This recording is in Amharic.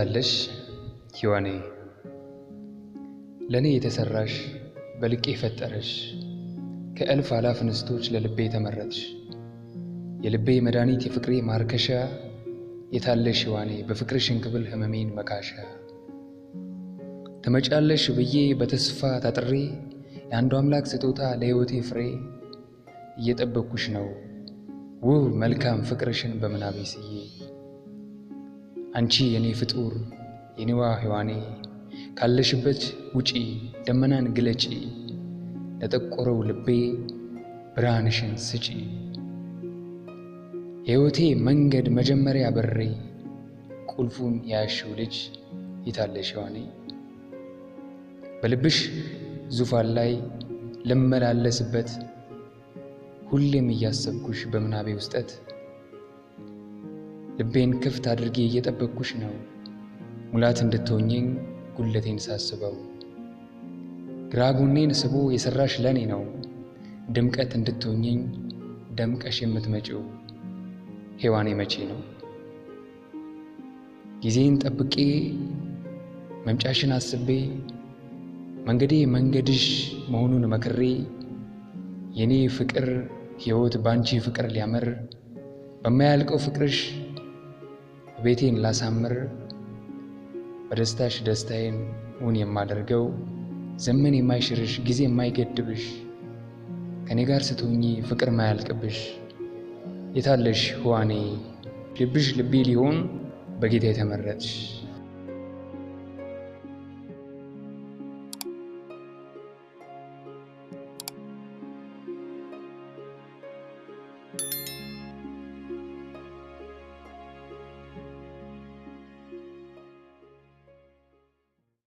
አለሽ ሕይዋኔ ለእኔ የተሰራሽ በልቄ የፈጠረሽ ከእልፍ አላፍ ንስቶች ለልቤ የተመረጥሽ የልቤ መድኃኒት የፍቅሬ ማርከሻ የታለሽ ሕይዋኔ በፍቅር ሽንክብል ህመሜን መካሻ ትመጫለሽ ብዬ በተስፋ ታጥሬ የአንዱ አምላክ ስጦታ ለሕይወቴ ፍሬ እየጠበኩሽ ነው ውብ መልካም ፍቅርሽን በምናቤ ስዬ አንቺ የኔ ፍጡር የኔዋ ሔዋኔ ካለሽበት ውጪ ደመናን ግለጪ፣ ለጠቆረው ልቤ ብርሃንሽን ስጪ። የሕይወቴ መንገድ መጀመሪያ በሬ ቁልፉን ያያሽው ልጅ ይታለሽ ሕዋኔ በልብሽ ዙፋን ላይ ልመላለስበት ሁሌም እያሰብኩሽ በምናቤ ውስጠት ልቤን ክፍት አድርጌ እየጠበቅኩሽ ነው ሙላት እንድትሆኝኝ ጉለቴን ሳስበው ግራ ጎኔን ስቦ የሰራሽ ለኔ ነው ድምቀት እንድትሆኝኝ ደምቀሽ የምትመጪው ሔዋኔ መቼ ነው ጊዜን ጠብቄ መምጫሽን አስቤ መንገዴ መንገድሽ መሆኑን መክሬ የኔ ፍቅር ሕይወት ባንቺ ፍቅር ሊያምር በማያልቀው ፍቅርሽ ቤቴን ላሳምር በደስታሽ ደስታዬን እውን የማደርገው ዘመን የማይሽርሽ ጊዜ የማይገድብሽ ከእኔ ጋር ስትሆኚ ፍቅር ማያልቅብሽ የታለሽ ህዋኔ ልብሽ ልቤ ሊሆን በጌታ የተመረጥሽ